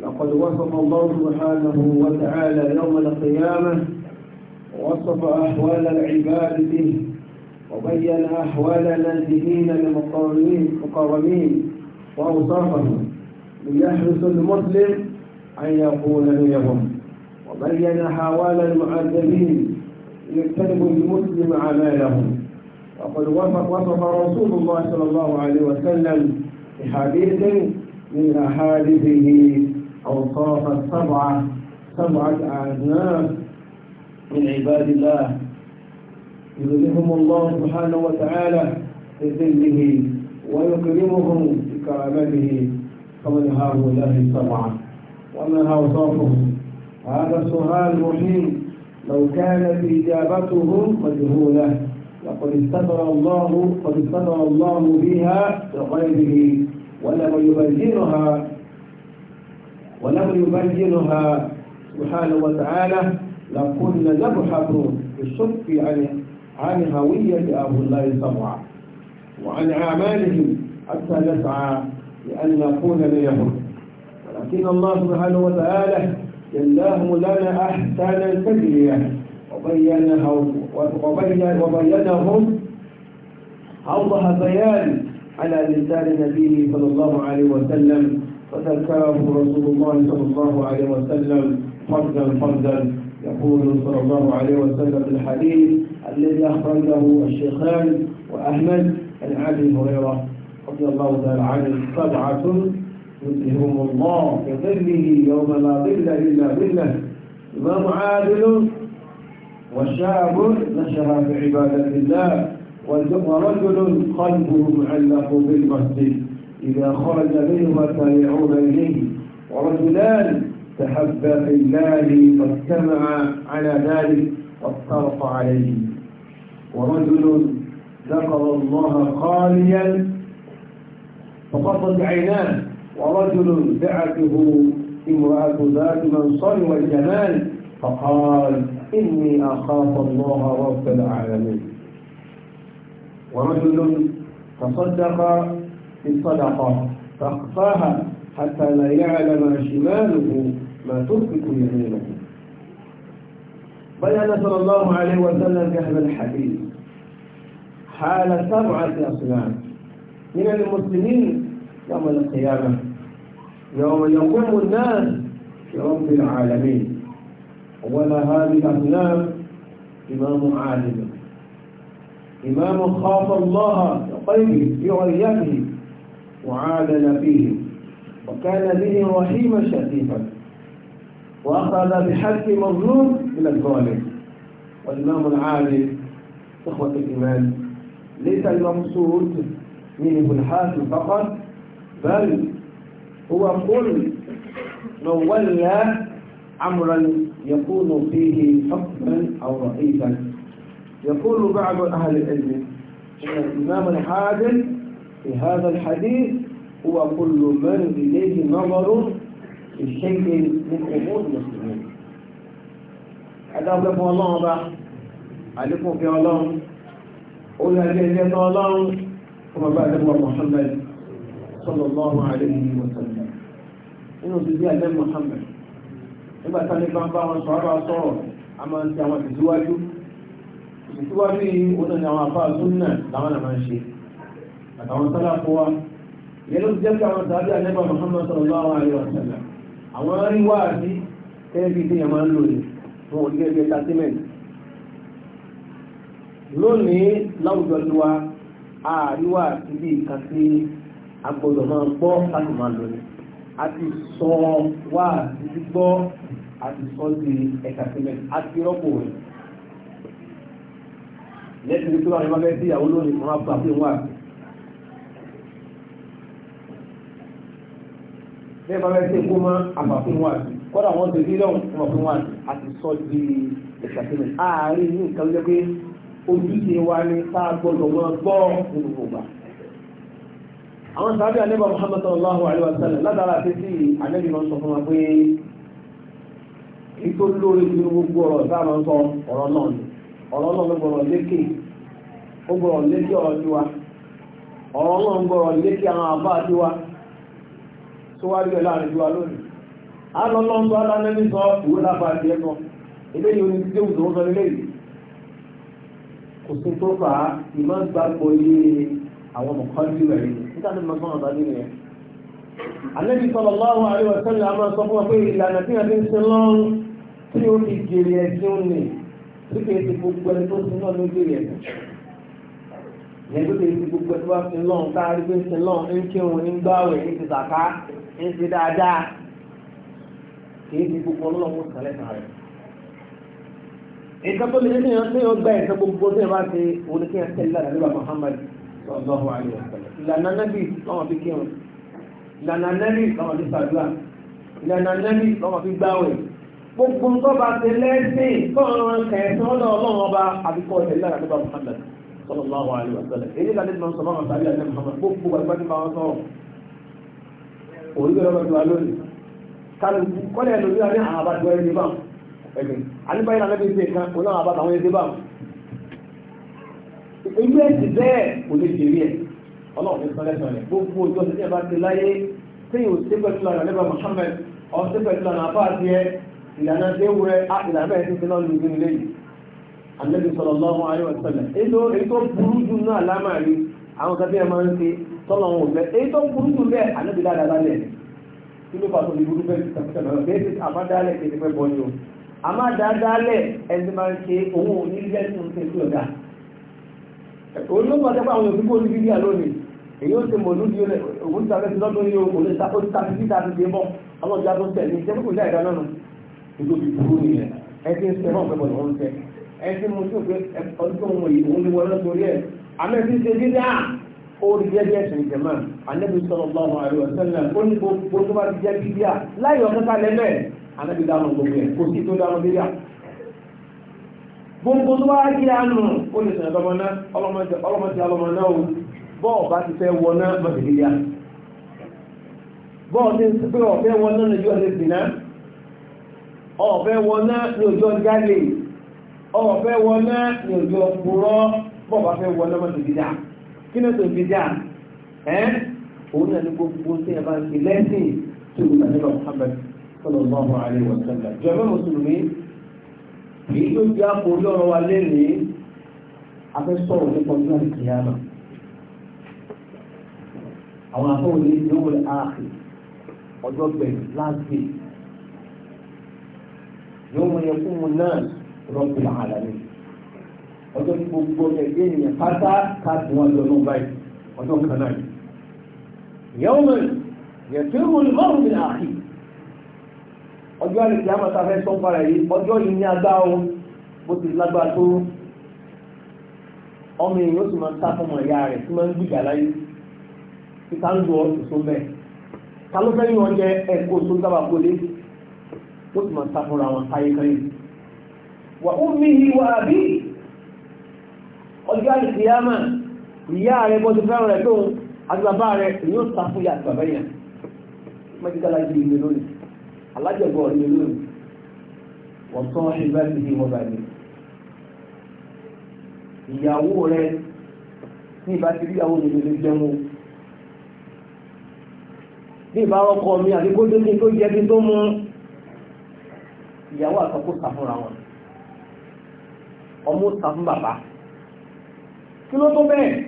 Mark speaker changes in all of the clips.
Speaker 1: لقد وصف الله سبحانه وتعالى يوم القيامة ووصف أحوال العباد به وبين أحوال النازلين المقربين وأوصافهم ليحرص المسلم أن يكون ليهم وبين أحوال المعذبين ليجتنبوا المسلم أعمالهم وقد وصف رسول الله صلى الله عليه وسلم بحديث من أحاديثه أوصاف السبعة سبعة أعناف من عباد الله يذلهم الله سبحانه وتعالى بذله ويكرمهم بكرامته فمن هؤلاء السبعة وما أوصافهم هذا السؤال مهم لو كانت إجابته مجهولة لقد استبر الله قد استبر الله بها لغيره ولم يبينها ولم يبينها سبحانه وتعالى لكنا نبحث بالصدق عن عن هوية الله السبعة وعن أعمالهم حتى نسعى لأن نكون منهم ولكن الله سبحانه وتعالى جلاهم لنا أحسن التجرية وبين وبينهم أوضح بيان على لسان نبيه صلى الله عليه وسلم فذكره رسول الله صلى الله عليه وسلم فردا فردا يقول صلى الله عليه وسلم الحديث الذي أخرجه الشيخان وأحمد عن أبي هريرة رضي الله تعالى عنه سبعة يظلهم الله بظله يوم لا ظل إلا ظله إمام عادل وشاب نشر في عبادة الله ورجل قلبه معلق بالمسجد إذا خرج منهما سارعون إليه ورجلان تحبا في الله فاجتمعا على ذلك فافترق عليه ورجل ذكر الله خاليا فقصد عيناه ورجل دعته امرأة ذات منصر والجمال فقال إني أخاف الله رب العالمين ورجل تصدق في الصدقة فاخفاها حتى لا يعلم شماله ما تثبت يمينه بيان صلى الله عليه وسلم في هذا الحديث حال سبعة أصنام من المسلمين يوم القيامة يوم يقوم الناس لرب العالمين ولا هذه الأصنام إمام عادل إمام خاف الله بقلبه بغيته وعادل فيهم وكان به رحيما شفيفا وأخذ بحق مظلوم من الظالم والإمام العادل إخوة الإيمان ليس المقصود منه الحاكم فقط بل هو كل من ولى أمرا يكون فيه حكما أو رئيسا يقول بعض أهل العلم أن الإمام الحاكم في هذا الحديث هو كل من إليه نظر الشيء من أمور المسلمين أدعوكم الله بقى عليكم في الله قولها لأن الله كما بعد محمد صلى الله عليه وسلم إنه تجيه أدام محمد nígbà tá بعض bàbá wọn sọ àbá sọ̀rọ̀ a máa ń ti àwọn ìsíwájú ìsíwájú yìí àtàwọn sọ́lá fún wa ìyẹn ló ti jẹ́ kí àwọn sàbí àlẹ́bà Muhammad sallallahu alaihi wa sallam àwọn rí wá àti kẹ́ẹ̀kì tí yẹn máa ń lò fún oníkẹ́kẹ́ tàtímẹ̀tì lónìí láwùjọ tí wa àríwá àti bí ìka sí agbọ́dọ̀ máa gbọ́ láti máa lò ní àti sọ wá àti gbọ́ àti sọ di ẹ̀ka sílẹ̀ àti rọ́pò rẹ̀ lẹ́sìn tí wọ́n á ní wọ́n fẹ́ sí bá fún bẹ́ẹ̀ bá bẹ́ẹ̀ ṣe kó mọ́ àmàfin wa kọ́dà wọ́n ti rírọ̀ sọ di a gbọ́dọ̀ wọn gbọ́ nínú gbogbo àwọn sábẹ́ anábà sallallahu alayhi wa sallam àti sí anábì sọ fún wa pé ètò lórí nínú gbogbo ọ̀rọ̀ tá a máa sọ ọ̀rọ̀ náà ni ọ̀rọ̀ náà ló lékè ó lékè ọ̀rọ̀ tiwa ọ̀rọ̀ náà tó wá rí ẹ̀ láàrin ìlú wa lónìí a lọ lọ́n tó alánẹ́bí sọ ìwé láfa àti ẹ̀kọ́ ilé yìí oní dídé òṣòwò sọ nílé yìí kò sí tó fà á ìmọ̀ gbàgbọ́ yé àwọn mọ̀kànlú rẹ̀ yìí níta ni màá sọ̀rọ̀ tàbí nìyẹn. alẹ́bí sallallahu alaihi wa sallam máa sọ fún wa pé ìlànà tí wọ́n ti ń sin lọ́rùn tí ó fi gèrè ẹ̀sìn òní tí kìí ti gbogbo ẹni tó sin lọ́rùn ló gèrè ẹ̀sìn yẹn tó kìí ti gbogbo ẹni tó bá sin lọ́rùn káàrí pé sin lọ́rùn ń kírun ń gbáwẹ̀ ń ti sàká ń ṣe dáadáa kì í di gbogbo ọlọ́wọ́ sàlẹ̀ náà rẹ̀. nǹkan tó lè ní ìyàn tó yọ gbà ẹ̀ka gbogbo tó yẹ bá ṣe òun ni kí nígbà Muhammad sallallahu alaihi wasallam ìlànà nábì lọ́wọ́ fi kírun ìlànà nábì lọ́wọ́ fi ṣàdúrà ìlànà nábì lọ́wọ́ fi gbáwẹ̀ gbogbo nǹkan bá ṣe lẹ́sìn kọ́ọ̀rọ̀ kẹsàn-án lọ́wọ́ ọlọ́run àbíkọ́ tẹ̀lé ìlànà nígbà Muhammad sallallahu alaihi wasallam èyí lànà ìlànà sọ̀rọ̀ àwọn sàlẹ̀ òun tó lọ́wọ́ tiwa lónìí kálù kọ́lẹ̀ lórí wa ní àwọn abájọ ẹni bá ẹ̀gbìn alúbáyé náà lẹ́bi ṣe kan òun náà abájọ àwọn ẹni bá ìlú ẹ̀sìn bẹ́ẹ̀ kò lè jèrè ẹ̀ ọlọ́run ní sọ́lẹ́sọ̀ rẹ̀ gbogbo ojú ọ̀sẹ̀ tí a bá ti láyé téyìn ò sí pẹ̀lú ọ̀nà nípa Muhammad ọ̀ sí pẹ̀lú ọ̀nà àbá àti ẹ̀ ìlànà déwu rẹ̀ á ìlànà ẹ̀ ti fi náà lùdú nílé yìí Ànábì sallallahu alaihi wasallam èyí tó burú jù náà lámàrí àwọn kan tí a máa ń ṣe tọ́lọ̀ wọn ò bẹ èyí tó ń burú jù bẹ́ẹ̀ ànábì dáadáa lálẹ́ kí ló fà tó fi burú bẹ́ẹ̀ ti tàbí tàbí bẹ́ẹ̀ ti àmá dáálẹ̀ kí ni fẹ́ bọ́ ni o àmá dáadáalẹ̀ ẹni máa ń ṣe òun ò ní ilé ẹni tó ń ṣe ọ̀dà òun ló pàṣẹ pé àwọn òbí kò ní bíbí àlónìí èyí ó ti mọ̀ lóde òun ti tàbí lọ́dún yìí o kò lè ta ó ti tàbí títa ti dé bọ́ àwọn ìjà tó ń tẹ̀lé ìjẹ́ kò láì dáná nù ètò ìdúró nìyẹn ẹ ti ń sẹ́ fún ọ̀pẹ́ bọ̀ lọ́wọ́ ń sẹ́ ẹ ti mú sí òpin ọdún tó ń wọ̀ yìí òun ti wọlé lọ́sọ̀rí ẹ̀ àmẹ́ ti ṣe dídá ó rí gẹ́gẹ́ ẹ̀sìn ìjẹ̀mọ́ anábì sallallahu alaihi wasallam ó ní gbogbo tó bá ti jẹ́ bíbíà láì ọ̀kẹ́ta lẹ́mẹ̀ anábì dáhùn gbogbo ẹ̀ kò sí tó dáhùn bíbíà gbogbo tó bá jẹ́ àánú ó lè sọ̀rọ̀ ọmọ náà ọlọ́mọ ti alọ́mọ náà o bọ́ọ̀ bá ti fẹ́ wọ náà mọ̀tì bíbíà bọ́ọ̀ ti fẹ́ ọ̀fẹ́ wọ náà lójú ọ̀sẹ̀ sì náà ọ̀fẹ́ wọ náà ní ojú ọjà lè ọ̀fẹ́ wọ náà ní ojú ọ̀pùrọ̀ bọ́ọ̀ bá fẹ́ wọ náà mọ̀tì kí ló tó fi dá ẹ́ òun náà ní gbogbo tí ẹ bá ń fi lẹ́sìn tó ìgbàlódé Muhammad sallallahu alaihi wa sallam jọ̀wọ́ mùsùlùmí èyí tó di àpò orí ọ̀rọ̀ wa lẹ́nìí afẹ́sọ̀rọ̀ nípa ọdún àti kìyàmà àwọn afọ́wò ní ìdánwò ààfì ọjọ́ gbẹ̀rù láti yóò mú yẹ mu náà rọ́pìlà àlàyé ọjọ́ tí gbogbo ẹgbẹ́ ènìyàn pátá káàtì wọn lọ lọ́wọ́ báyìí ọjọ́ kan náà ìyàwó mẹ́rin yẹ̀fẹ́ wọn márùn mi àkì ọjọ́ àlejò àmọ́ta fẹ́ sọ fara yìí ọjọ́ yìí ní agbá o bó ti lágbára tó ọmọ èèyàn ó sì máa ń sá fún ọmọ ìyá rẹ̀ tí máa ń gbìjà láyé tí ká ń lọ ìṣó bẹ́ẹ̀ ta ló fẹ́ yín wọn jẹ ẹ̀kọ́ tó dábàá kólé ó sì máa ń sá fúnra wọn táyé kan wà ó mi yí wà bíi ọjọ́ àìsíyámà ìyá rẹ̀ bọ́ ti fẹ́ràn rẹ̀ tóun àti bàbá rẹ̀ yóò sá fún ìyá àti bàbá yẹn mẹ́tíkà lájú ilé lónìí alájọ̀bọ̀ ilé lónìí wọ́n tán ìgbà tí kì í wọ́n bá mi. ìyàwó rẹ̀ ní ìbá ti rí ìyàwó mi lè jẹun o bí ìbá ọkọ mi àti kójú kí tó jẹ́ kí tó mú ìyàwó àtọkù sá wọn ọmú sá bàbá kí ló tó bẹ́ẹ̀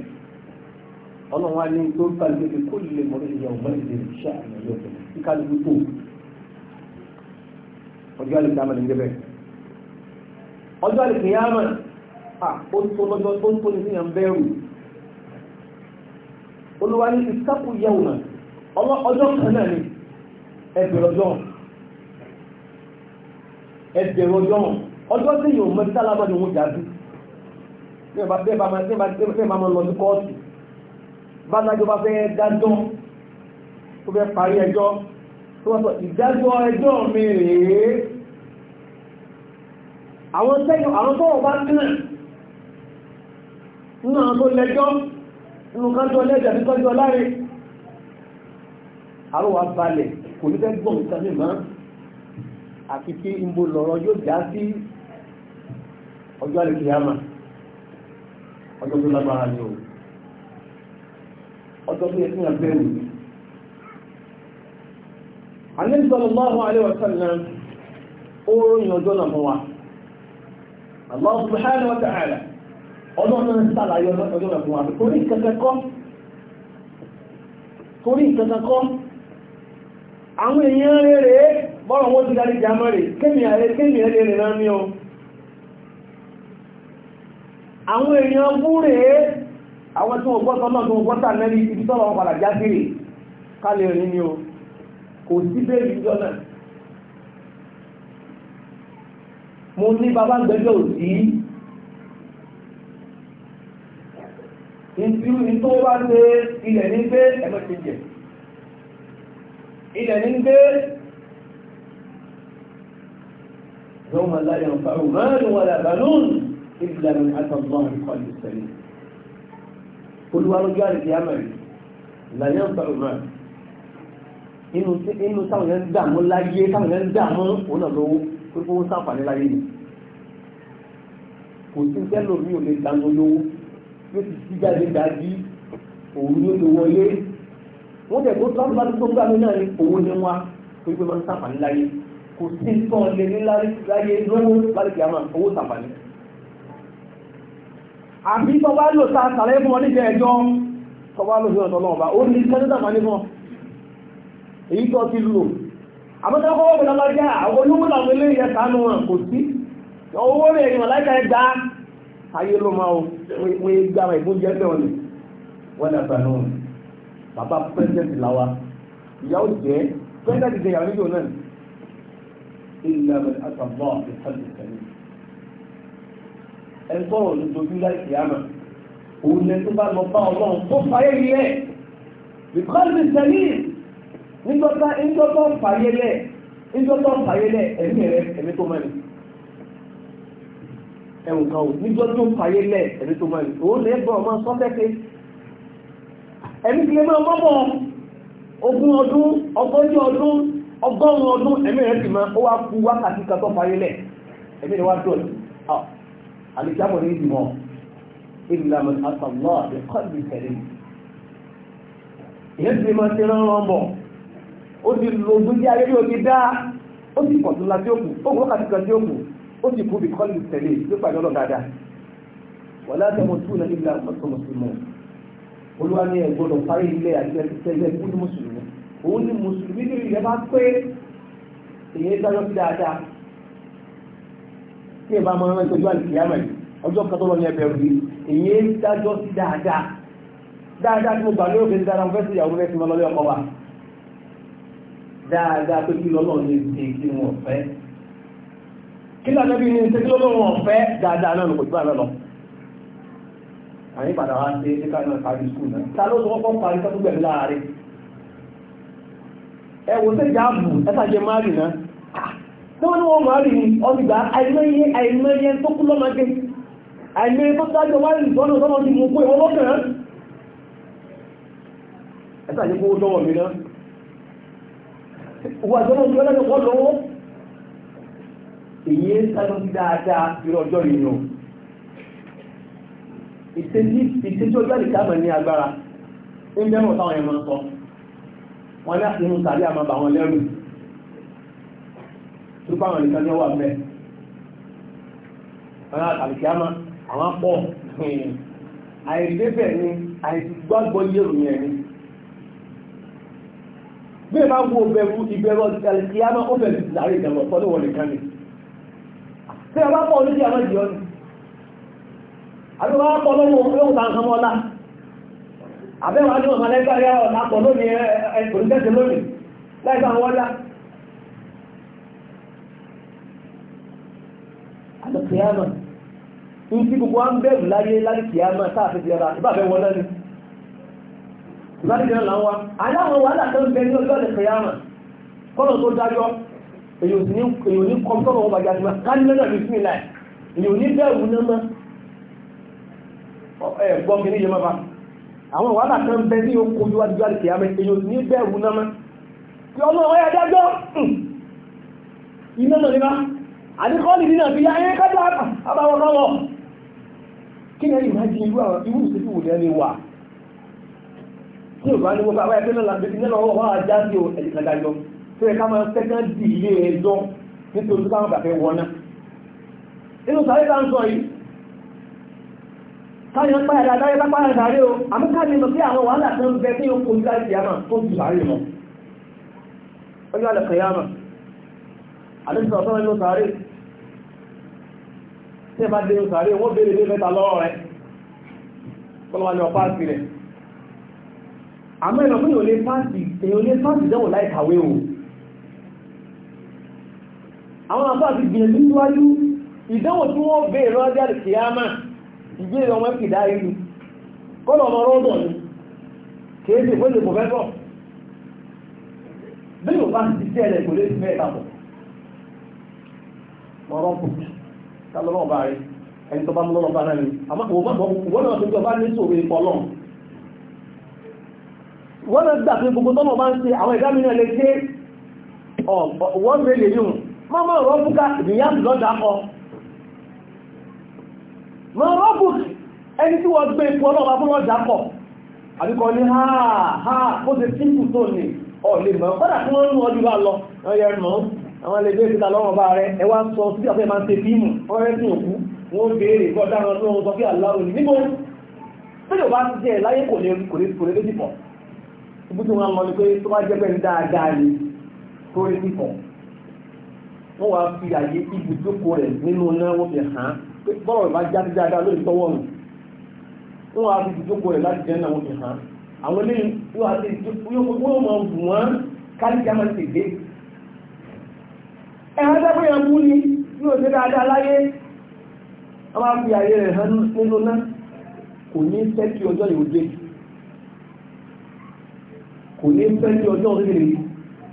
Speaker 1: ọlọ́run á ní tó ń kálukú pé kó lè mọ ìyá ọmọ ìdè ṣá ìyá ọ̀tọ̀ kí kálukú tó ọjọ́ àlùkò àmàlẹ́ ń débẹ̀ ọjọ́ àlùkò yá mà á ó tó lọ́jọ́ tó ń tó ní síyàn bẹ́ẹ̀rù olúwa ní ìsápò yẹ òun ọjọ́ kan náà ni ẹgbẹ̀rún ọjọ́ ẹgbẹ̀rún ọjọ́ ọjọ́ tí yóò mọ sálábà ni bẹ́ẹ̀ bá máa lọ sí kóòtù bá lájọ́ bá fẹ́ dájọ́ tó fẹ́ parí ẹjọ́ tó wọ́n sọ ìdájọ́ ẹjọ́ mi rèé àwọn tẹ́yìn àwọn tó wọ́n bá tẹ́nà nínú àwọn tó lẹ́jọ́ nínú kájọ́ lẹ́jọ́ àti kọjọ́ láre àrùwà balẹ̀ kò ní fẹ́ gbọ́n nǹkan mímọ́ àti kí n bo lọ́rọ̀ yóò já sí ọjọ́ àlèkìyàmà ọjọ́ tó lágbára ni o ọjọ́ tó yẹ kí wọ́n bẹ̀rù Ànábì sallallahu alaihi wa sallam ó ròyìn ọjọ́ náà fún wa Allah subhanahu wa ta'ala ọjọ́ náà ń sàlàyé ọjọ́ náà fún wa torí kẹkẹkọ́ torí àwọn èèyàn rẹ̀ bọ́rọ̀ wọn ti darí jàmọ́ rẹ̀ kémi àrẹ kémi ẹ̀rẹ̀ rẹ̀ náà ní ọ àwọn èèyàn búrè àwọn tí wọ́n gbọ́tọ̀ náà tí wọ́n gbọ́tà mẹ́rin ibi tọ́lọ wọn padà já sílẹ̀ kálẹ̀ rìn ní o kò sí bẹ́ẹ̀lì ìjọ náà mo ní bàbá gbẹ́jọ́ òsì ìtìrú tó bá ṣe ilẹ̀ ní gbé ẹ̀mẹ́kẹ̀jẹ̀ ilẹ̀ ní ìdílé mi àtọ̀gbọ́n nǹkan lè sẹ́yìn. olùwàlójú àrètí àmàlì làyẹ̀ ń sọ̀rọ̀ náà inú inú táwọn yẹn ń dààmú láyé táwọn yẹn ń dààmú òun náà lówó pé kó sáfàní láyé ni kò sí sẹ́lò mi ò lè dáná lówó yóò ti sí jáde dájú òun yóò lè wọlé wọ́n tẹ̀ tó tọ́lú bá tó gbàmí náà ni òwò ni wá pé ń sáfàní láyé kò sí tán ní láyé lówó láti kìá máa owó sáfàní àbí tó bá lò ta sàlẹ̀ fún wọn níjẹ ẹjọ́ tó bá lò sí ọ̀tọ̀ lọ́wọ́ bá ó ní kẹ́lẹ́dà máa ní fún èyí tó ti lò àmọ́tẹ́ ọkọ̀ wọ́pẹ̀ lọ́lọ́ jẹ́ àwọn olúmúlàwọ̀ ilé ìyẹ sàánú wọn kò sí owó rẹ̀ èèyàn láìka ẹgbà ayé ló máa wọ́n gbà ìyàwó jẹ́ pẹ́sẹ̀ntì náà ilẹ̀ àtàbọ̀ ìtàbí ẹni tọ́rọ̀ ló dojú láì sí àmà òun lẹ tó bá lọ bá ọlọ́run tó fàyè yẹ bíkọ́lì sẹ́yìn nígbọ́tà nígbọ́tà fàyè lẹ̀ nígbọ́tà fàyè lẹ̀ ẹ̀mí rẹ ẹ̀mí tó mẹ́rin ẹ̀wùn kan ò nígbọ́tà fàyè lẹ̀ ẹ̀mí tó mẹ́rin òun lè ọmọ sọ́tẹ́kẹ́ ẹ̀mí kìlẹ̀ máa mọ́ bọ̀ ogún ọdún ọgọ́jì ọdún ọgọ́rùn-ún ọdún ẹ̀mí rẹ sì máa ó wá ku wákàtí kan tó fàyè lẹ̀ ẹ̀mí rẹ wá dọ̀lù ah àlùjábọ̀ ní ìdìmọ̀ ìlànà àtàlọ́ àbẹ̀kọ́ ìbìtẹ̀lẹ̀ ìyẹn ti máa ṣe rán rán bọ̀ ó ti lo ogún jẹ́ ayé yóò ti dá ó ti pọ̀ tó la tí ó kù ó kù wákàtí kan tí ó kù ó ti kú bí kọ́lù tẹ̀lé ló pàdé ọlọ́ dáadáa wà láti ọmọ tún náà ìlànà ọ̀tọ̀ mùsùlùmọ̀ olúwa ní ẹ̀gbọ́dọ̀ parí ilé àti ẹ̀sẹ̀ tí ẹ bá máa rántí ọjọ́ àlùkìyàmà yìí ọjọ́ kan tó lọ ní ẹbẹ̀rù yìí èyí ń dájọ́ sí dáadáa dáadáa tí mo gbà lórí òfin dáadáa mo fẹ́ sí ìyàwó rẹ̀ sí mọ́ lọ́lé ọkọ wa dáadáa pé kí lọ́lọ́ ní ṣe kí wọn ọ̀fẹ́ kí lọ́lọ́ bí ní ṣe kí lọ́lọ́ wọn ọ̀fẹ́ dáadáa náà kò gbà náà lọ. àyín padà wá sí ṣé ká náà parí skul náà ta ló sọ parí sọ́tún gbẹ̀mí láàárín ẹ wò tó ní wọ́n máa rí ọdìgbà àìmọye àìmọye tó kú lọ́mọdé àìmọye tó sáájọ wáyé ìtọ́nà tọ́nà ti mú kó ìwọ́n lọ́kàn ẹ̀sà ní kó lọ́wọ́ mi náà wà tó lọ́wọ́ lọ́wọ́ lọ́wọ́ lọ́wọ́ èyí ń sáré sí dáadáa irú ọjọ́ yìí nù ìtẹ́jú ọjọ́ àlìkámà ní agbára ń bẹ́ẹ̀ mọ̀ táwọn yẹn máa ń sọ wọn ní àti inú sàrí àmàbà wọn lẹ́rù fáwọn nìkan ní ọwọ́ àmẹ́ ọ̀nà àtàlìkíámà àwọn pọ̀ àìdébẹ̀ ni àìgbàgbọ́ yẹ̀rù yẹn ni bí ẹ bá wo ìbẹ̀rù ìbẹ̀rù àtàlìkíámà ó bẹ̀rù ọ̀tọ́ nìkan ni kìámà ní tí gbogbo wọn bẹ̀rù láyé láti kìámà sáàfẹ́ ti ara ìbáfẹ́ wọn náà ni ìbáfẹ́ ti náà wá aláwọn wàhálà tó ń bẹ ní ọjọ́ ìlẹ̀ kìámà kọ́nà tó dájọ́ èyàn ní kọ́mtọ́rọ̀ wọn bàjá síma ká nílẹ̀ náà ní sí ìlà èyàn ní bẹ̀rù náà mọ́ ẹ̀ gbọ́n kì ní yẹ mọ́ba àwọn wàhálà tó ń bẹ ní okòjú adúgbò àti kìámà èyàn ní bẹ̀rù náà mọ́ tí ọlọ́wọ́ yà dájọ́ hmm. iná náà ní àdíkọ́lì nínú àti ayé kájọ àbáwọn lọ́wọ́ kí ni ẹni ìwádìí irú àwọn irú ìsìnkú wò lẹ́ni wà tí ò bá ní gbogbo àwọn ẹgbẹ́ náà làbẹ́ ti lọ́wọ́ wà á já sí o ẹ̀dì kan dájọ́ tó yẹ ká máa sẹ́kán dì ilé ẹjọ́ nítorí tó káwọn bàfẹ́ wọ́n náà inú sáré tá ń sọ yìí káyọ̀ páyà dáadáa yẹ pápá o àmọ́ káyọ̀ mọ̀ sí àwọn wàhálà tó ń bẹ tí ó kojú láti yàmà tó ti sáré lọ ọjọ́ àlẹ́ kẹyàmà àdéhùn sọ̀tọ́ inú sáré tí ẹ bá dé òsàrí wọ́n bèèrè lé mẹ́ta lọ́rọ̀ rẹ̀ kọ́lọ́wà ní ọpá sí rẹ̀ àmọ́ ẹ̀nà fún ìyọ̀lé fásitì èyàn lé fásitì dẹ́wọ̀n láì kàwé o àwọn àbá ti gbìyànjú níwájú ìdánwò tí wọ́n bèèrè lọ́jọ́ kìámà ìgbéèrè ọmọ ìdá ìlú kọ́lọ̀ ọmọ rọ́dọ̀ ni kìí ṣe fún ìdìbò fẹ́fọ́ bí yóò bá ti tẹ́lẹ̀ kò lè fi mẹ́ta pọ̀ mọ́rọ́ pọ̀ tálọ́lọ́ bá rí ẹni tó bá mú lọ́lọ́ bá náà ni àmọ́ wọ́n náà tó jọ bá ní sòrò ikọ̀ lọ́n wọ́n náà gbà pé gbogbo tọ́nà bá ń ṣe àwọn ẹ̀dá mi náà lè ṣe wọ́n rẹ̀ lè yùn má má rọ́ búkà ìyá lọ́dà kọ má rọ́ bùk ẹni tí wọ́n gbé ipò ọlọ́ba fún lọ́dà kọ àbíkọ ní ha ha kó ṣe síkù tó ní ọ̀ lè mọ̀ kọ́dà tí wọ́n ń mú ọdún àwọn ẹlẹgbẹ́ ìsìta lọ́wọ́ bá rẹ ẹ wá sọ sí àfẹ́ máa ń ṣe fíìmù wọ́n rẹ́ sí òkú wọ́n béèrè kọ́ dáhùn tó ń sọ fí aláwọ̀ ní níbo tóyò bá ti jẹ́ láyé kò lè kò lè kò lè lójì pọ̀ ibi tí wọ́n mọ̀ ni pé tó bá jẹ́ pẹ́ ní dáadáa ni tó lè sí pọ̀ wọ́n wá fi àyè ibùdókò rẹ̀ nínú náà wọ́n fi hàn pé bọ́ọ̀rọ̀ bá já sí dáadáa lórí tọ́wọ́ nù wọ́n wá fi ibùdókò rẹ̀ láti jẹ́ náà wọ́n fi hàn àwọn eléyìí yóò máa wù wọ́n kárí ẹ̀hán tẹ́kùn yẹn mú ni ní òṣèré dáadáa láyé wọ́n máa fi ààyè rẹ̀ hàn nínú náà kò ní fẹ́ kí ọjọ́ yóò dé kò ní fẹ́ kí ọjọ́ rere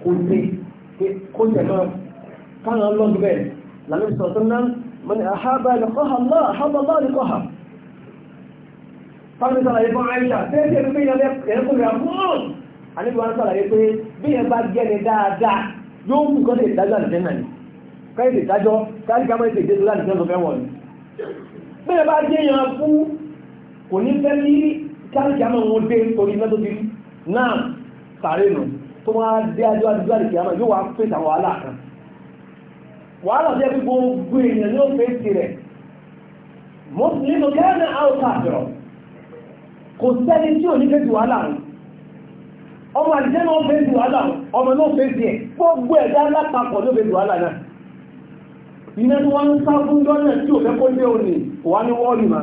Speaker 1: kò dé kó jẹ̀ náà káàrán lọ́dún bẹ́ẹ̀ lànà ìsọ̀tún náà mọ́ni àhábà ìlẹ̀kọ́hà náà àhábà náà ìlẹ̀kọ́hà fáwọn ìsàlàyé fún àìsà tẹ́ẹ̀tẹ́ bí i ẹ̀rẹ́kùnrin àmúhàn àníbi pé bí ẹ bá jẹ́ni dáadáa yóò mú kọ́ lè dájọ́ náà ni kẹ́lẹ̀ ìdájọ́ káríkà mọ́ ìtẹ̀jẹ́ tó láti tẹ́lọ fẹ́ wọ̀nyí bẹ́ẹ̀ bá jẹ́ yan fún kò ní fẹ́ ní káríkà mọ́ wọn dé torí mẹ́tò ti náà sàárè nù tó wá dé ajọ́ àdúgbò àdìkì àmọ́ yóò wá pèsè àwọn wàhálà kan wàhálà jẹ́ pé gbogbo èèyàn ló fẹ́ tirẹ̀ nínú kẹ́rin àwòká àbẹ̀rọ̀ kò sẹ́ni tí ò ní fẹ́ ti wàhálà rẹ̀ ọmọ àdìjẹ́ náà fẹ́ ti wàhálà ọmọ náà fẹ́ ti ẹ̀ gbogbo ẹ̀dá lápapọ̀ ló fẹ́ ti wàhálà náà iná ni wọ́n ń sá fún jọ́nà tí ò fẹ́ kó dé òní kò wá ní wọ́ọ̀lì mà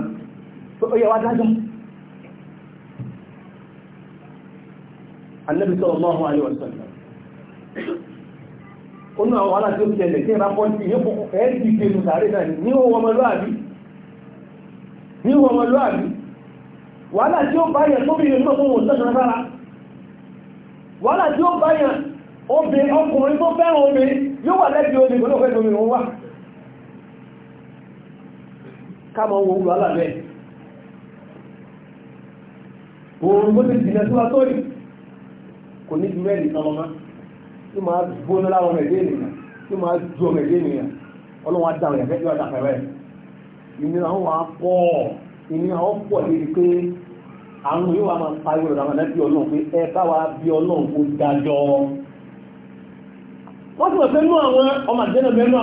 Speaker 1: ó yẹ wá dájọ́ Ànábì sallallahu alaihi wasallam ó ní àwọn aláṣẹ òkè ẹ̀lẹ̀ tí ẹ bá pọ́ sí ìyẹ́ kòkò ẹ̀ ti gbé nù sàárè náà ní owó ọmọlúàbí ní owó ọmọlúàbí wàhálà tí ó báyẹ̀ tóbìnrin náà fún òun sẹ́sẹ̀ sára wàhálà tí ó báyẹ̀ obìnrin ọkùnrin tó fẹ́ràn obìnrin yóò wà lẹ́bi obìnrin pẹ̀lú ọ̀fẹ́ K'ama wo wúlò ala òun bó ti jìnà tó wá sórí kò ní ju mẹ́rin kan lọ́mọ tí máa gbóná láwọn ọmọ ẹ̀dẹ́ ènìyàn tí máa ju ọmọ ẹ̀dẹ́ ènìyàn ọlọ́wọ́n á dáhùn ẹ̀fẹ́ tí wọ́n dàpẹ̀ rẹ̀ ìnira wọn wà ama wa wọ́n ti wọ̀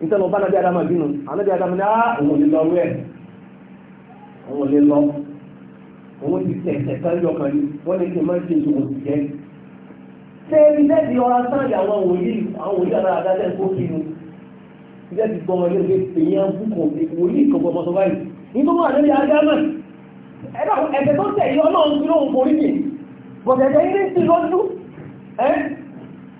Speaker 1: nítorí ọba anabi adamu bínú anabi adamu ní àwọn òní lọ wẹ àwọn òní lọ òun ti tẹ̀sẹ̀ sáré ọkàn yìí wọ́n lè ṣe máa ń ṣe ìṣòwò jẹ́ sẹ́ẹ̀rì lẹ́ẹ̀dì ọ̀rá sáàyè àwọn wòlíì àwọn wòlíì ara àdájẹ́ tó kí ni ilé ti gbọ́ ọmọdé ní èyí á bú kò wòlíì kò gbọ́ ọmọdé báyìí nítorí wọn àdébí adámà ẹ̀dá ẹ̀sẹ̀ tó tẹ̀ yọ náà ń fi lóhun forí nì bọ̀dẹ̀dẹ̀ ilé ti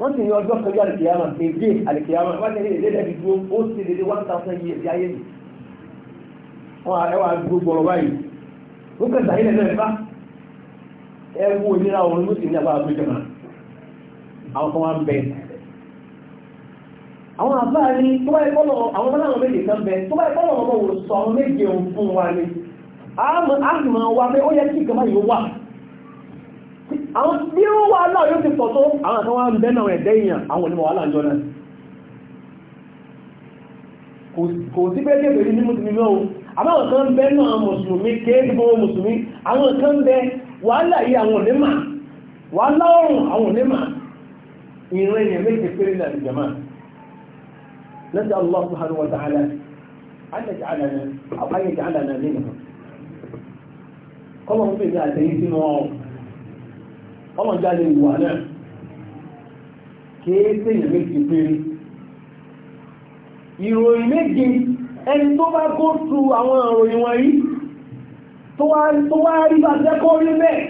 Speaker 1: wọ́n sì ní ọjọ́ kọjá àlìkìyàmà èdè àlìkìyàmà wọ́n ti ní èdè ẹ̀dì dúró ó sì lè dé one thousand years ayé mi wọ́n ẹwà dúró gbọ́rọ̀ báyìí ó kẹta ilẹ̀ náà bá ẹ wo ìnira òun ló sì ní àbá àgbẹ̀jọ náà àwọn kan wá ń bẹ àwọn àbá ni tó bá ẹ̀kọ́ lọ àwọn ọmọláwọn méje kan bẹ tó bá ẹ̀kọ́ lọ wò sọ àwọn méje òun wa ni a sì máa pé ó yẹ kí ìkàmá yìí wà àwọn tí ó wà náà yóò ti pọ̀ tó àwọn àtàwọn àbẹ́nà ẹ̀dẹ́ èèyàn àwọn onímọ̀ wà láàjọ náà kò sí pé kéfèé ní mùsùlùmí náà àbáwọn kan bẹ́ náà mùsùlùmí kéèkó mùsùlùmí àwọn kan bẹ wàhálà yìí àwọn onímà wàhálà ọrùn àwọn onímà ìrìn èèyàn méje péré náà ọmọ jáde ìwà náà kéèké èèyàn méjì péré ìròyìn méjì ẹni tó bá kó tu àwọn ìròyìn wọ̀nyí tó wá rí bá tẹ́kọ́ rí bẹ́ẹ̀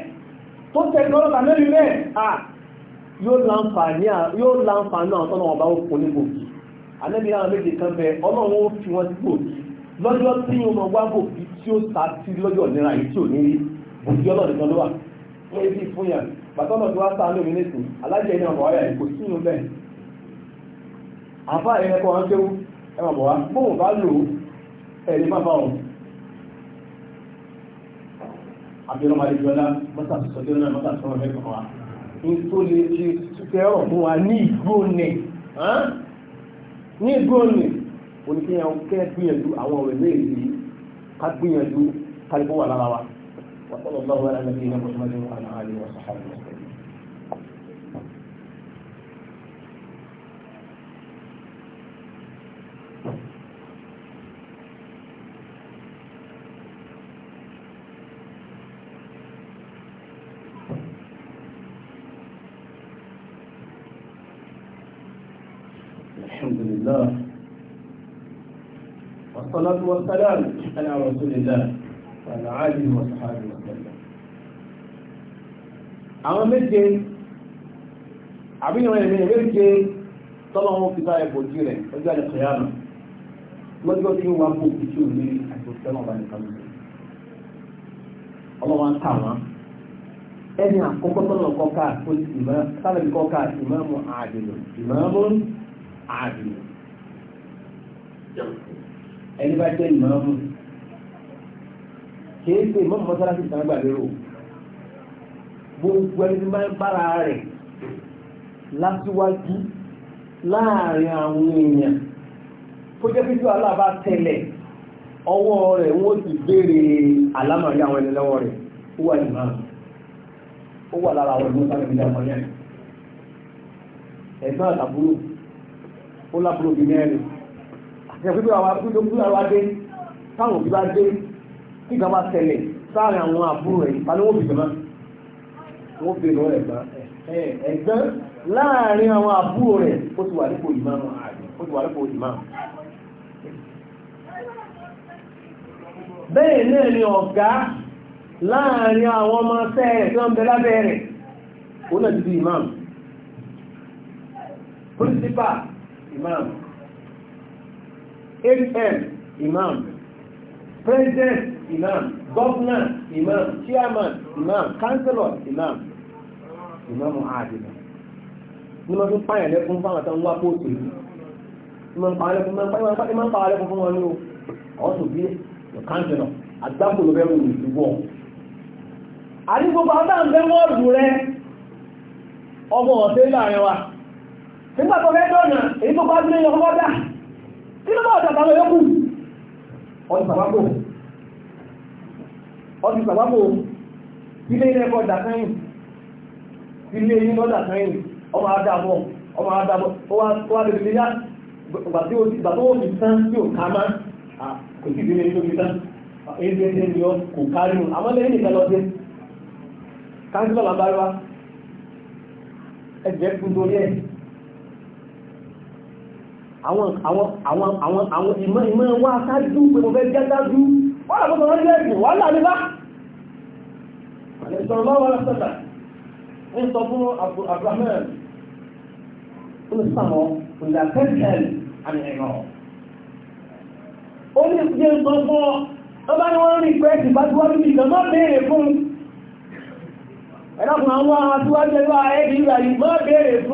Speaker 1: tó tẹ́kọ́ lọ́ta mẹ́rin bẹ́ẹ̀ à yóò láǹfààní àwọn tọ́nà ọba ó kò ní bòkì anẹ́bí àwọn méjì kan bẹ ọlọ́run ó fi wọ́n sí bòkì lọ́jọ́ tí yóò mọ wá bòkì tí ó sá sí lọ́jọ́ nira yìí tí ò ní rí bòkì ọlọ́run kan ló wà wọ́n ti fún yàrá bàtọ́nà tí wọ́n sáà lómi nìsín alájẹ ní ọmọ ọ̀yà kò sínú bẹ́ẹ̀ àfá ẹ̀rẹ́ kan wọ́n kéwú ẹmọ̀ bọ̀ wá bóun bá lò ẹ̀rí má bá wọn àbíọ́nà máa lè jọlá mọ́tà sọ́jọ́ náà mọ́tà sọ́rọ̀ mẹ́kàn wa ní tó lè ṣe túkẹ́ ọ̀rọ̀ fún wa ní ìgbó nì ní ìgbó nì oníkéyàn kẹ́ gbìyànjú àwọn ọ̀rẹ́ méjì ká gbìyànjú kálífọ́ wà lára wa وصلى الله على نبينا محمد وعلى اله وصحبه وسلم والصلاة والسلام على رسول الله وعلى آله وصحبه وسلم àwọn méje àbíyàn ẹ̀mẹ́ méje tọ́lọ́ wọn fi báyẹ̀ bòjú rẹ̀ ọjọ́ àlẹ́ kìyàmù lọ́jọ́ tí wọ́n bò kí tí ò ní àtòsẹ́lọ̀ bá nìkan lọ ọlọ́wọ́ ń tà wọ́n ẹni àkọ́kọ́ tọ́lọ̀ kọ́kà sálẹ̀ kọ́kà ìmáàmù àdìlù ìmáàmù àdìlù ẹni bá jẹ́ ìmáàmù kìí ṣe ìmáàmù mọ́sálásí kan gbà lérò gbogbo ẹni máa ń bára rẹ̀ lásìwájú láàrin àwọn èèyàn tó jẹ́ pé tí wàhálà bá tẹ̀lẹ̀ ọwọ́ rẹ̀ wọ́n ti béèrè àlámàrí àwọn ẹni lọ́wọ́ rẹ̀ ó wà ìmáàmù ó wà lára àwọn ìmọ̀ sáré ìjà ọmọ yẹn ẹ̀gbọ́n àtàbúrò ó lábúrò bí mẹ́rin ìṣẹ̀kú tó àwọn abúlé kúrò àwọn adé táwọn òbí bá dé kí ìgbà bá tẹ̀lẹ̀ sáàrin àwọn àbúrò ẹ̀ ìpalẹ́ wọ́n bìbọn wọ́n bèrè ọ̀rẹ́ gbọ́n ẹ̀gbọ́n láàrin àwọn àbúrò rẹ̀ ó ti wà nípò ìmáàmù ó ti wà nípò ìmáàmù bẹ́ẹ̀ náà ni ọ̀gá láàrin àwọn ọmọ sẹ́ẹ̀rẹ̀ tí wọ́n bẹ lábẹ́ rẹ̀ ó náà ti di ìmáàmù pírísípà ìmáàmù am imam president imam governor imam chairman imam councillor imam imam adìmọ̀ ní ma fi ń pààyàn lẹ́kún fáwọn àtàwọn wá yìí ní ma pààyàn lẹ́kún máa ń pààyàn lẹ́kún máa ń pààyàn fún wọn ní o ọ̀sùn bí nínú bá ọ̀dà àtàwọn yòókù ọdún sàbábò ọdún sàbábò ilé ilé ẹ̀kọ́ ọ̀dà sẹ́yìn ilé ilé ọ̀dà sẹ́yìn ọmọ adábọ̀ ọmọ adábọ̀ ó wá lè fi yá tó wọ́n fi tí ò ká má kò sí tó fi tán ọ àwọn àwọn ìmọ̀ ìmọ̀ wá sáájú pé mo fẹ́ jẹ́ sáájú wọ́n lọ́pọ̀ wọ́n jẹ́ ìgbò wọ́n láàrin bá ìsọ̀rọ̀ máa wọ́n sọ́tà àmì ẹ̀rọ ó ní ọ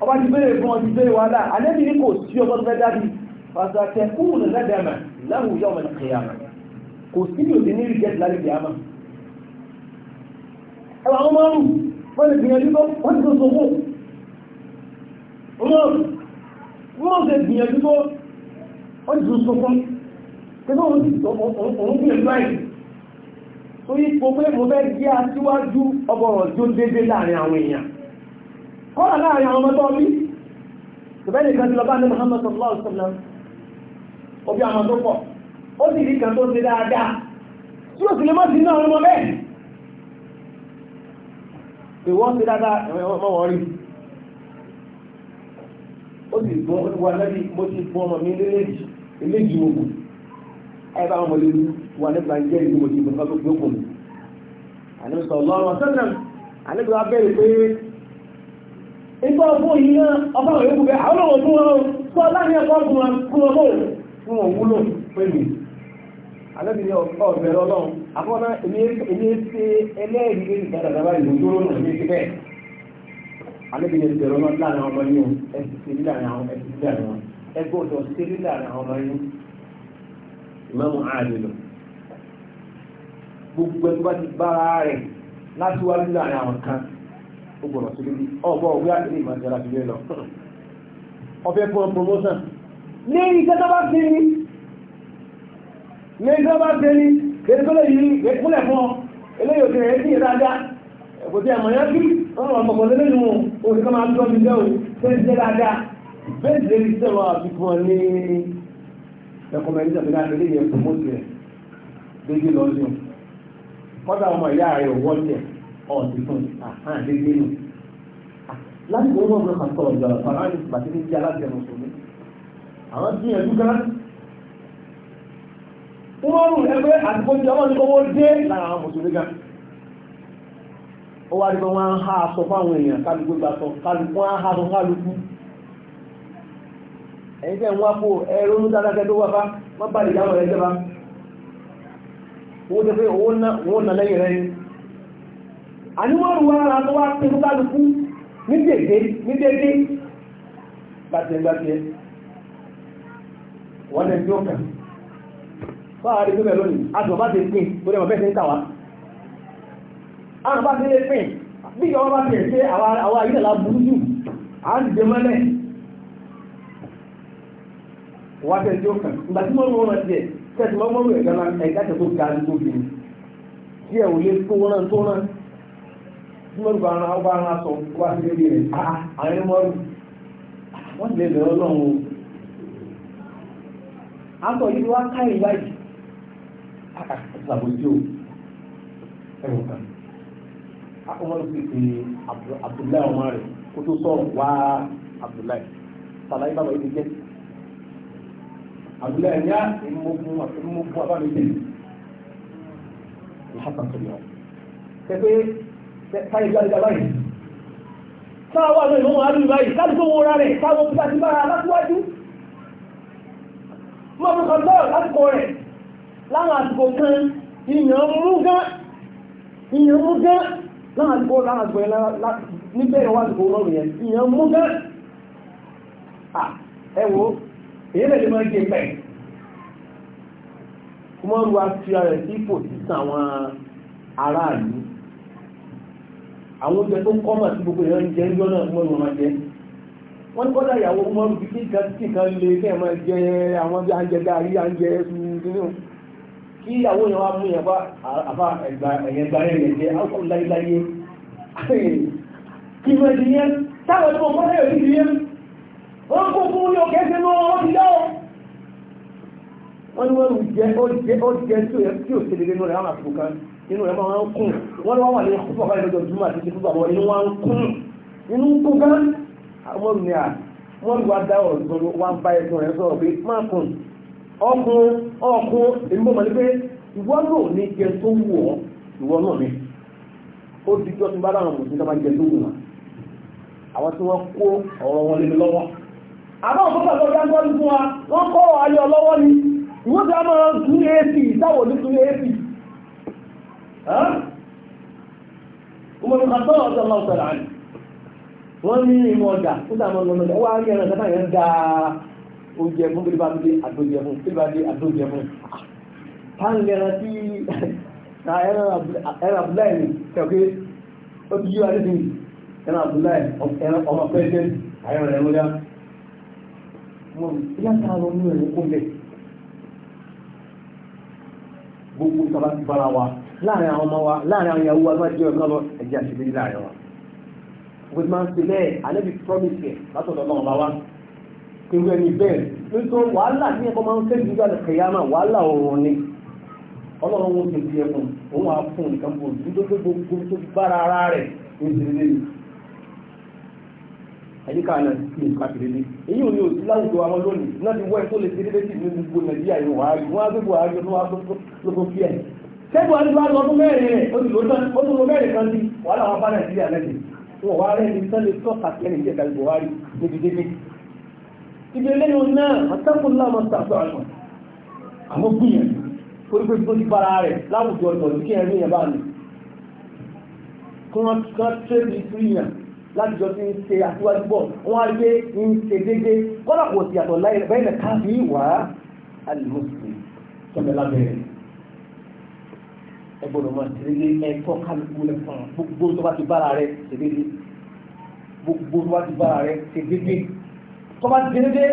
Speaker 1: ọba ti bẹ́rẹ̀ fún ọ ti bẹ́rẹ̀ wà láà alẹ́bí ní kò sí ọgbọ́n fẹ́ dábì pàtàkì kúrò ní lẹ́dàmà láwùjọ ọmọ ìkẹyàmà kò sí ní òdì ní rìjẹ́tì lálẹ́ ìyàmà ẹwà wọn máa ń wọ́n lè gbìyànjú tó wọ́n ti tó sọ́kù wọ́n lè gbìyànjú tó wọ́n ti tó sọ́kù tẹ́lẹ̀ wọ́n ti tó òun gbìyànjú láì torí pé mo fẹ́ jẹ́ aṣíwájú ọgbọ̀rọ̀ tí ó dédé láàrin àwọn èèyàn kọ́nà láàrin àwọn ọmọdé ọbí ìbẹ́ni kan ti lọ bá ní Muhammad obi àwọn tó pọ̀ ó sì rí kan tó dáadáa tí ó sì lè mọ́ sí náà ọmọ bẹ́ẹ̀ ìwọ́n dáadáa rí ó sì wà lẹ́bí mo ti gbọ́ ọmọ mi ìgbà ọgbọ́ yi náà ọba àwọn yòókù bẹ́ àwọn gbogbo ẹgbẹ́ ti ó gbọ́dọ̀ sí lórí ọgbọ́n òwe àtìlẹ́ ìmọ̀ ìjọba ti lé lọ ọfẹ́ fún ọ promotion ní iṣẹ́ tó bá ti ní ní iṣẹ́ tó bá ti ní kẹ́kọ́lẹ̀ yìí kẹ́kọ́lẹ̀ fún ọ eléyìí òkè rẹ̀ sí ìdájá kò tí ẹ̀mọ̀ yẹn kí wọ́n lọ mọ̀kọ́ lẹ́lẹ́ nù oṣù kan máa ń tọ́jú jẹ́ òun tó ń jẹ́ dáadáa bẹ́ẹ̀ ti lè rí sẹ́wọ̀ àfikún ọ ní recommendation bí láti Ọ fún àhán dédé nù. láti owó ọmọ náà sọ̀rọ̀ ìgbàlá fara ní bàtí ní jẹ́ alájẹ mùsùlùmí. àwọn tí ẹ̀dú gan. wọ́n rù ẹgbẹ́ àtìkò ọmọ dé lára àwọn mùsùlùmí gan. ó wá rí á aṣọ èèyàn kálukú sọ kálukú á aṣọ ẹ̀yin kó ẹ̀rọ wá bá rẹ̀ jẹ́ àníwọ̀rù wa ara tó wá pé tó kálukú ní dédé ní dédé gbàtẹ̀gbàtẹ̀ wọ́n lè dókà fáà rí gbẹ́gbẹ̀ lónìí àtọ̀ bá ti pín orí ọmọ bẹ́ẹ̀ ń tàwá àwọn bá ti lè pín bí ìjọba bá ti ṣe àwọn ayé ìlà burú jù à ń dìde mọ́lẹ̀ wọ́n tẹ̀ dókà ìgbà tí wọ́n rọrùn tiẹ̀ tẹ̀sí mọ́gbọ́n rẹ̀ gan-an ẹ̀ka tẹ̀ tó ga ní tóbi díẹ̀ ò lè tó wọn tó náà mọ́rù bá ara ọba ara sọ wá sí lórí rẹ̀ àárín mọ́rù wọ́n lè lọ́ọ́ lọ́hùn o. akọ yìí wá ká ìwádìí àtàbòjò ẹ̀rọ kan akọ́mọ́rù sì pé Abdullahi ọmọ rẹ̀ kó tó sọ̀rọ̀ wá Abdullahi sàlàyé bàbá yìí ti jẹ́ Abdullahi ní àìmọ́gbọ́n àbámi jẹ́ ìhàkàn tó yọ táyé gbá nígbà báyìí táà wà lóyún wọn àdúgbò báyìí láti tó wọn ra rẹ̀ táwọn òkúta ti bára látúwájú mọ́ bí kan lọ́rọ̀ lásìkò rẹ̀ láwọn àsìkò kan ìyàn mú gán ìyàn mú gán láwọn àsìkò láwọn àsìkò yẹn níbẹ̀rẹ̀ wà àsìkò rọrùn yẹn ìyàn mú gán ẹ wo sí ipò sísan àwọn àwọn oúnjẹ tó ń kọ́ mà sí gbogbo ìran jẹ ń jọ náà wọ́n mọ̀ máa jẹ wọ́n ní kọ́dà ìyàwó mọ́rù bí kí nǹkan tí nǹkan le kí ẹ̀ máa jẹ àwọn bí àǹjẹ gàrí àǹjẹ ẹ̀sùn nínú kí ìyàwó yẹn wá mú yẹn bá àbá ẹ̀gbà ẹ̀yẹn gba ẹ̀yẹn jẹ áwùsọ̀ láyéláyé kí wọ́n ti yẹn táwọn ẹ̀dùn ọmọ náà yóò ti yẹn wọ́n kó fún yóò kẹ́sẹ̀ wọ́n ní wọ́n wà lórí fúnpọ̀ báyìí lọ́jọ́ júmọ̀ àti fúnpọ̀ àwọn inú wa ń kún inú kún gán àwọn ni à wọ́n wá dá ọ̀rọ̀ ìgbọ̀n wá ń bá ẹ̀sùn rẹ̀ sọ̀rọ̀ pé má kùn ọkùn ọkùn èmi mọ̀ ní pé ìwọ́n náà ní jẹ tó wù ọ́ ìwọ́n náà ni ó ti jọ́ ti bá dáhùn mùsùlùmí máa jẹ tó wù wọn àwọn tí wọ́n kó ọ̀rọ̀ wọn lé lọ́wọ́ àmọ́ òkúta Umar bin Khattab radiyallahu ta'ala anhu wọ́n ní ìmọ̀ ọ̀dà fún tàwọn ọmọ ọmọdé wọ́n á rí ẹran sábà yẹn da oúnjẹ fún bí bá dé àdójẹ fún bí bá dé àdójẹ fún táwọn ẹran tí ẹran abúláì ni kẹ̀kẹ́ ó ti yí wa nídìí ẹran abúláì ẹran ọmọ pẹ́ẹ́tẹ́ àyẹ̀rọ ẹ̀rọ ya mọ̀ ìyá táwọn ọmọ ẹ̀rọ kó bẹ̀ gbogbo sábà bára wa. láàrin àwọn ọmọ wa láàrin àwọn ìyàwó wa máa jẹ́ ọ̀kan lọ ẹ̀jẹ̀ àṣìbírí láàrin wa wọ́n máa ń ṣe lẹ́ẹ̀ ànábì promise ẹ̀ látọ̀dọ̀ náà bá wá pẹ̀lú ẹni bẹ́ẹ̀ nítorí wàhálà ní ẹ̀kọ́ máa ń fẹ́ jùlọ kẹyàmà wàhálà òòrùn ni ọlọ́run wọn ti fi ẹkùn òun á fún nǹkan bò gbogbo tó bára ara rẹ̀ ní ìdílé náà ti èyí ò ní òsì láwùjọ àwọn lónìí náà ti tó lè ṣe tẹ́gbọ́ ọdún wá lọ́dún mẹ́rin rẹ̀ ó ti lóòótọ́ ó tún lọ mẹ́rin kan sí wàhálà wọn bá nàìjíríà lẹ́sìn wọn wá rẹ̀ ní sọ́lé tọ́ka kẹ́rin jẹ́ kàlùkù wá rí níbi débi ibi eléyìí náà àtàkùn láwọn sàtọ́ àlọ́ àmọ́ gbìyànjú orígbé tó ti bára rẹ̀ láwùjọ ìtọ́jú kí ẹ̀rí yẹn bá ní kí tẹ́lẹ̀ sí láti jọ ti ń ṣe àtiwájú bọ̀ wọ́n á gbé ń ṣe déédé kọ́lá kò sì àtọ̀ láì ẹ gbọ́dọ̀ mọ̀ ṣèlérí ẹ̀tọ́ kálukú lẹ fún un gbogbo tó bá ti bára rẹ ṣèlérí gbogbo tó bá ti bára rẹ ṣèlérí tó bá ti dédé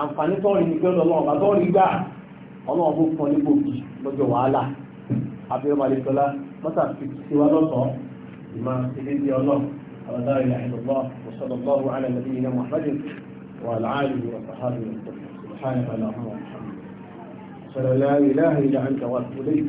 Speaker 1: àǹfààní tọ́rin ní pẹ́lú ọlọ́run bá tọ́rin gbà ọlọ́run bó fún ọ ní gbòógì lọ́jọ́ wàhálà abiyam alikola mọ́tà fi tiwa lọ́tọ̀ọ́ ìmọ̀ ṣèlérí ọlọ́run àwọn dára ilẹ̀ àìlọ́gbọ́ وصلى على نبينا محمد وعلى آله وصحبه وسلم سبحانك اللهم وبحمدك أشهد أن لا إله إلا أنت وأتوب إليك